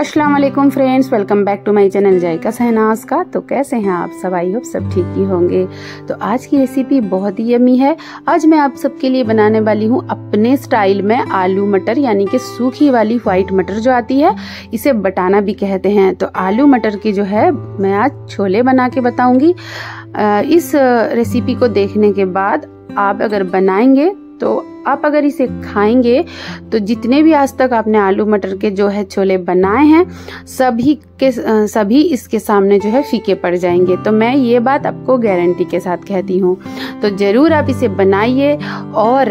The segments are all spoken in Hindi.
अस्सलाम वालेकुम friends welcome back to my channel Zaika Shahnaz का तो कैसे हैं आप सब आई होप सब ठीक ही होंगे तो आज की रेसिपी बहुत ही यमी है आज मैं आप सबके लिए बनाने वाली हूँ अपने स्टाइल में आलू मटर यानी कि सूखी वाली वाइट मटर जो आती है इसे बटाना भी कहते हैं तो आलू मटर की जो है मैं आज छोले बना के बताऊँगी इस रेसिपी को देखने के बाद आप अगर बनाएंगे तो आप अगर इसे खाएंगे तो जितने भी आज तक आपने आलू मटर के जो है छोले बनाए हैं सभी के सभी इसके सामने जो है फीके पड़ जाएंगे तो मैं ये बात आपको गारंटी के साथ कहती हूँ तो ज़रूर आप इसे बनाइए और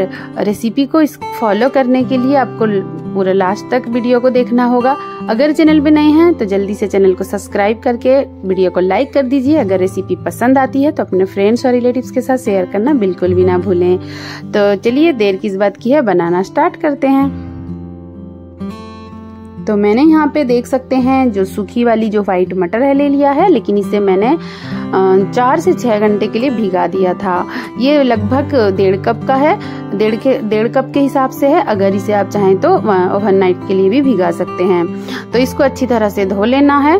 रेसिपी को इस फॉलो करने के लिए आपको पूरा लास्ट तक वीडियो को देखना होगा अगर चैनल पे नए हैं तो जल्दी से चैनल को सब्सक्राइब करके वीडियो को लाइक कर दीजिए अगर रेसिपी पसंद आती है तो अपने फ्रेंड्स और रिलेटिव्स के साथ शेयर करना बिल्कुल भी ना भूलें तो चलिए देर की किस बात की है बनाना स्टार्ट करते हैं तो मैंने यहाँ पे देख सकते हैं जो सूखी वाली जो व्हाइट मटर है ले लिया है लेकिन इसे मैंने चार से छः घंटे के लिए भिगा दिया था ये लगभग डेढ़ कप का है डेढ़ के डेढ़ कप के हिसाब से है अगर इसे आप चाहें तो ओवर नाइट के लिए भी भिगा सकते हैं तो इसको अच्छी तरह से धो लेना है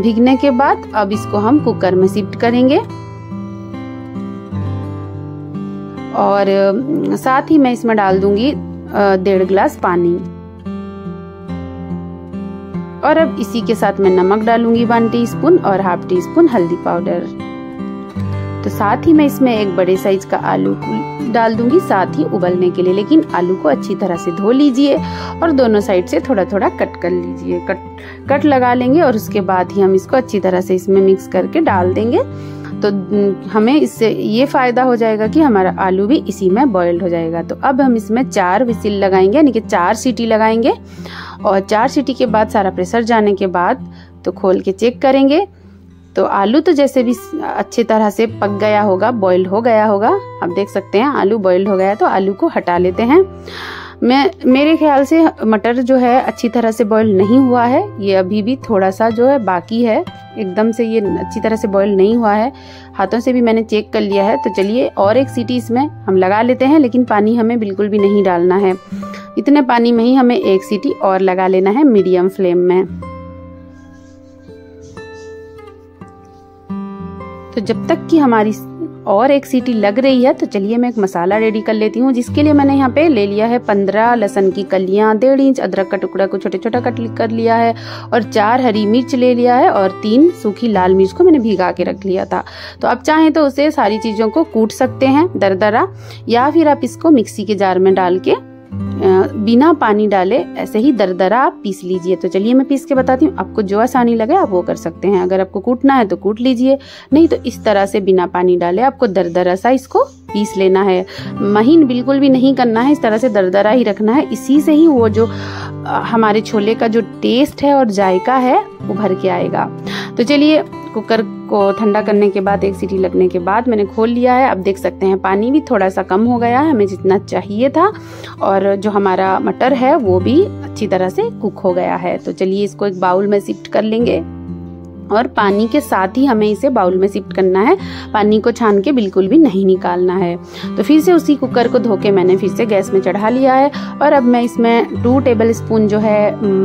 भिगने के बाद अब इसको हम कुकर में शिफ्ट करेंगे और साथ ही मैं इसमें डाल दूंगी डेढ़ ग्लास पानी और अब इसी के साथ मैं नमक डालूंगी वन टीस्पून और हाफ टी स्पून हल्दी पाउडर तो साथ ही मैं इसमें एक बड़े साइज का आलू डाल दूंगी साथ ही उबलने के लिए लेकिन आलू को अच्छी तरह से धो लीजिए और दोनों साइड से थोड़ा थोड़ा कट कर लीजिए कट कट लगा लेंगे और उसके बाद ही हम इसको अच्छी तरह से इसमें मिक्स करके डाल देंगे तो हमें इससे ये फ़ायदा हो जाएगा कि हमारा आलू भी इसी में बॉयल्ड हो जाएगा तो अब हम इसमें चार विसिल लगाएंगे यानी कि चार सीटी लगाएंगे और चार सीटी के बाद सारा प्रेशर जाने के बाद तो खोल के चेक करेंगे तो आलू तो जैसे भी अच्छी तरह से पक गया होगा बॉयल्ड हो गया होगा आप देख सकते हैं आलू बॉयल्ड हो गया तो आलू को हटा लेते हैं मैं मेरे ख्याल से मटर जो है अच्छी तरह से बॉईल नहीं हुआ है ये अभी भी थोड़ा सा जो है बाकी है एकदम से ये अच्छी तरह से बॉईल नहीं हुआ है हाथों से भी मैंने चेक कर लिया है तो चलिए और एक सीटी इसमें हम लगा लेते हैं लेकिन पानी हमें बिल्कुल भी नहीं डालना है इतने पानी में ही हमें एक सीटी और लगा लेना है मीडियम फ्लेम में तो जब तक कि हमारी और एक सीटी लग रही है तो चलिए मैं एक मसाला रेडी कर लेती हूँ जिसके लिए मैंने यहाँ पे ले लिया है पंद्रह लहसन की कलियाँ डेढ़ इंच अदरक का टुकड़ा को छोटे छोटा कट कर लिया है और चार हरी मिर्च ले लिया है और तीन सूखी लाल मिर्च को मैंने भिगा के रख लिया था तो आप चाहें तो उसे सारी चीज़ों को कूट सकते हैं दर या फिर आप इसको मिक्सी के जार में डाल के बिना पानी डाले ऐसे ही दरदरा आप पीस लीजिए तो चलिए मैं पीस के बताती हूँ आपको जो आसानी लगे आप वो कर सकते हैं अगर आपको कूटना है तो कूट लीजिए नहीं तो इस तरह से बिना पानी डाले आपको दरदरा सा इसको पीस लेना है महीन बिल्कुल भी नहीं करना है इस तरह से दरदरा ही रखना है इसी से ही वो जो हमारे छोले का जो टेस्ट है और जायका है वो भर के आएगा तो चलिए कुकर को ठंडा करने के बाद एक सीटी लगने के बाद मैंने खोल लिया है अब देख सकते हैं पानी भी थोड़ा सा कम हो गया है हमें जितना चाहिए था और जो हमारा मटर है वो भी अच्छी तरह से कुक हो गया है तो चलिए इसको एक बाउल में शिफ्ट कर लेंगे और पानी के साथ ही हमें इसे बाउल में शिफ्ट करना है पानी को छान के बिल्कुल भी नहीं निकालना है तो फिर से उसी कुकर को धो के मैंने फिर से गैस में चढ़ा लिया है और अब मैं इसमें टू टेबल स्पून जो है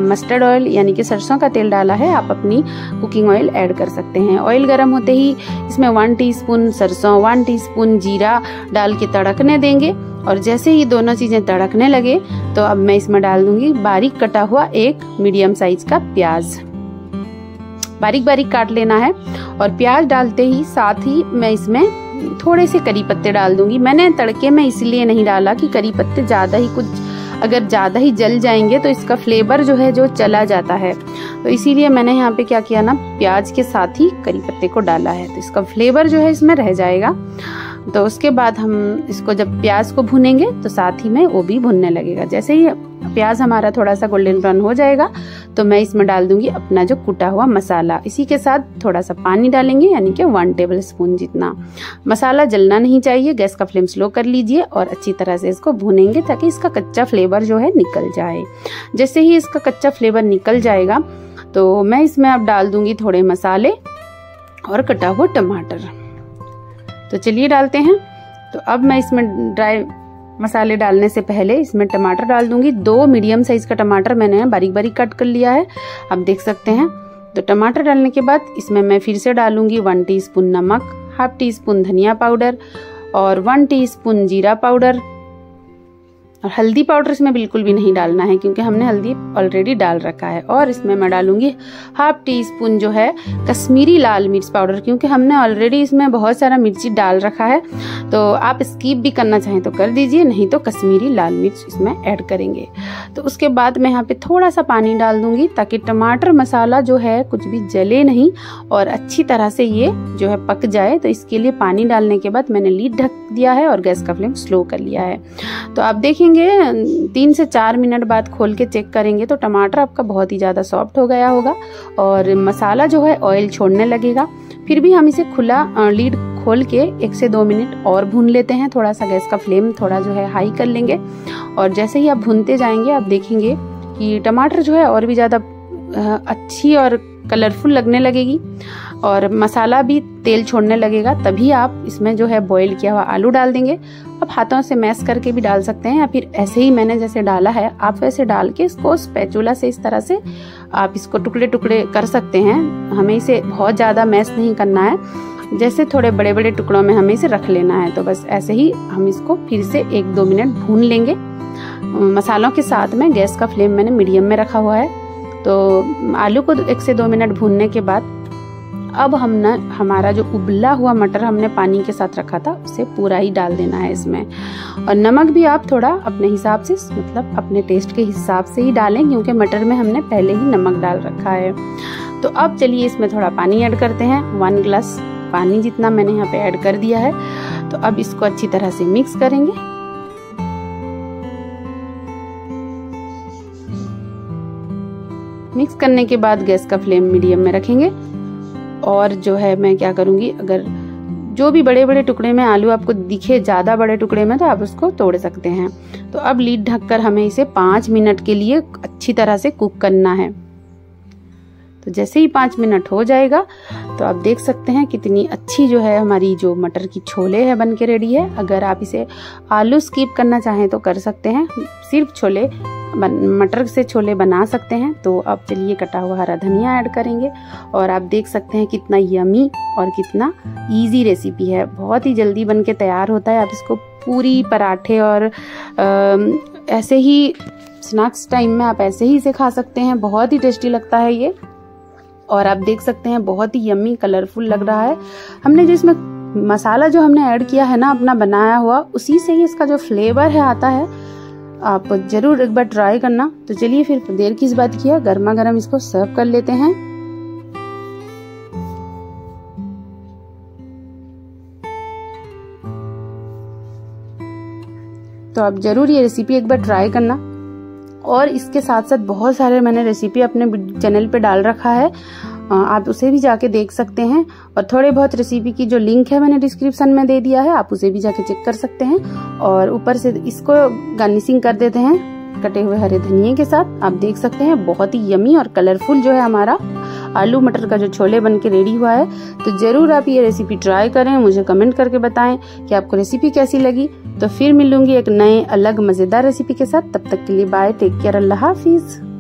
मस्टर्ड ऑयल यानी कि सरसों का तेल डाला है आप अपनी कुकिंग ऑयल ऐड कर सकते हैं ऑयल गर्म होते ही इसमें वन टी सरसों वन टी जीरा डाल के तड़कने देंगे और जैसे ही दोनों चीज़ें तड़कने लगे तो अब मैं इसमें डाल दूंगी बारीक कटा हुआ एक मीडियम साइज का प्याज बारीक बारीक काट लेना है और प्याज डालते ही साथ ही मैं इसमें थोड़े से करी पत्ते डाल दूंगी मैंने तड़के में इसलिए नहीं डाला कि करी पत्ते ज़्यादा ही कुछ अगर ज़्यादा ही जल जाएंगे तो इसका फ्लेवर जो है जो चला जाता है तो इसीलिए मैंने यहाँ पे क्या किया ना प्याज के साथ ही करी पत्ते को डाला है तो इसका फ्लेवर जो है इसमें रह जाएगा तो उसके बाद हम इसको जब प्याज को भुनेंगे तो साथ ही में वो भी भुनने लगेगा जैसे ही प्याज हमारा थोड़ा सा गोल्डन ब्राउन हो जाएगा तो मैं इसमें डाल दूंगी अपना जो कुटा हुआ मसाला इसी के साथ थोड़ा सा पानी डालेंगे यानी कि वन टेबल स्पून जितना मसाला जलना नहीं चाहिए गैस का फ्लेम स्लो कर लीजिए और अच्छी तरह से इसको भूनेंगे ताकि इसका कच्चा फ्लेवर जो है निकल जाए जैसे ही इसका कच्चा फ्लेवर निकल जाएगा तो मैं इसमें अब डाल दूंगी थोड़े मसाले और कटा हुआ टमाटर तो चलिए डालते हैं तो अब मैं इसमें ड्राई मसाले डालने से पहले इसमें टमाटर डाल दूंगी दो मीडियम साइज का टमाटर मैंने बारीक बारीक कट कर लिया है आप देख सकते हैं तो टमाटर डालने के बाद इसमें मैं फिर से डालूंगी वन टीस्पून नमक हाफ टी स्पून धनिया पाउडर और वन टीस्पून जीरा पाउडर और हल्दी पाउडर इसमें बिल्कुल भी नहीं डालना है क्योंकि हमने हल्दी ऑलरेडी डाल रखा है और इसमें मैं डालूंगी हाफ टी स्पून जो है कश्मीरी लाल मिर्च पाउडर क्योंकि हमने ऑलरेडी इसमें बहुत सारा मिर्ची डाल रखा है तो आप स्कीप भी करना चाहें तो कर दीजिए नहीं तो कश्मीरी लाल मिर्च इसमें ऐड करेंगे तो उसके बाद मैं यहाँ पर थोड़ा सा पानी डाल दूँगी ताकि टमाटर मसाला जो है कुछ भी जले नहीं और अच्छी तरह से ये जो है पक जाए तो इसके लिए पानी डालने के बाद मैंने लीड ढक दिया है और गैस का फ्लेम स्लो कर लिया है तो आप देखेंगे देंगे तीन से चार मिनट बाद खोल के चेक करेंगे तो टमाटर आपका बहुत ही ज़्यादा सॉफ्ट हो गया होगा और मसाला जो है ऑयल छोड़ने लगेगा फिर भी हम इसे खुला लीड खोल के एक से दो मिनट और भून लेते हैं थोड़ा सा गैस का फ्लेम थोड़ा जो है हाई कर लेंगे और जैसे ही आप भूनते जाएंगे आप देखेंगे कि टमाटर जो है और भी ज़्यादा अच्छी और कलरफुल लगने लगेगी और मसाला भी तेल छोड़ने लगेगा तभी आप इसमें जो है बॉईल किया हुआ आलू डाल देंगे आप हाथों से मैश करके भी डाल सकते हैं या फिर ऐसे ही मैंने जैसे डाला है आप वैसे डाल के इसको स्पैचुला से इस तरह से आप इसको टुकड़े टुकड़े कर सकते हैं हमें इसे बहुत ज़्यादा मैश नहीं करना है जैसे थोड़े बड़े बड़े टुकड़ों में हमें इसे रख लेना है तो बस ऐसे ही हम इसको फिर से एक दो मिनट भून लेंगे मसालों के साथ में गैस का फ्लेम मैंने मीडियम में रखा हुआ है तो आलू को एक से दो मिनट भूनने के बाद अब हमने हमारा जो उबला हुआ मटर हमने पानी के साथ रखा था उसे पूरा ही डाल देना है इसमें और नमक भी आप थोड़ा अपने हिसाब से मतलब अपने टेस्ट के हिसाब से ही डालें क्योंकि मटर में हमने पहले ही नमक डाल रखा है तो अब चलिए इसमें थोड़ा पानी ऐड करते हैं वन ग्लास पानी जितना मैंने यहाँ पे ऐड कर दिया है तो अब इसको अच्छी तरह से मिक्स करेंगे मिक्स करने के बाद गैस का फ्लेम मीडियम में रखेंगे और जो है मैं क्या करूँगी अगर जो भी बड़े बड़े टुकड़े में आलू आपको दिखे ज़्यादा बड़े टुकड़े में तो आप उसको तोड़ सकते हैं तो अब लीड ढककर हमें इसे पाँच मिनट के लिए अच्छी तरह से कुक करना है तो जैसे ही पाँच मिनट हो जाएगा तो आप देख सकते हैं कितनी अच्छी जो है हमारी जो मटर की छोले है बन के रेडी है अगर आप इसे आलू स्कीप करना चाहें तो कर सकते हैं सिर्फ छोले बन मटर से छोले बना सकते हैं तो अब चलिए कटा हुआ हरा धनिया ऐड करेंगे और आप देख सकते हैं कितना यमी और कितना इजी रेसिपी है बहुत ही जल्दी बन के तैयार होता है आप इसको पूरी पराठे और आ, ऐसे ही स्नैक्स टाइम में आप ऐसे ही इसे खा सकते हैं बहुत ही टेस्टी लगता है ये और आप देख सकते हैं बहुत ही यम्मी कलरफुल लग रहा है हमने जो इसमें मसाला जो हमने ऐड किया है ना अपना बनाया हुआ उसी से ही इसका जो फ्लेवर है आता है आप ज़रूर एक बार ट्राई करना तो चलिए फिर देर किस बात किया गर्मा गर्म इसको सर्व कर लेते हैं तो आप ज़रूर ये रेसिपी एक बार ट्राई करना और इसके साथ साथ बहुत सारे मैंने रेसिपी अपने चैनल पे डाल रखा है आप उसे भी जाके देख सकते हैं और थोड़े बहुत रेसिपी की जो लिंक है मैंने डिस्क्रिप्शन में दे दिया है आप उसे भी जाके चेक कर सकते हैं और ऊपर से इसको गार्निशिंग कर देते हैं कटे हुए हरे धनिए के साथ आप देख सकते हैं बहुत ही यमी और कलरफुल जो है हमारा आलू मटर का जो छोले बन के रेडी हुआ है तो ज़रूर आप ये रेसिपी ट्राई करें मुझे कमेंट करके बताएं कि आपको रेसिपी कैसी लगी तो फिर मिलूंगी एक नए अलग मज़ेदार रेसिपी के साथ तब तक के लिए बाय टेक केयर अल्लाह हाफिज़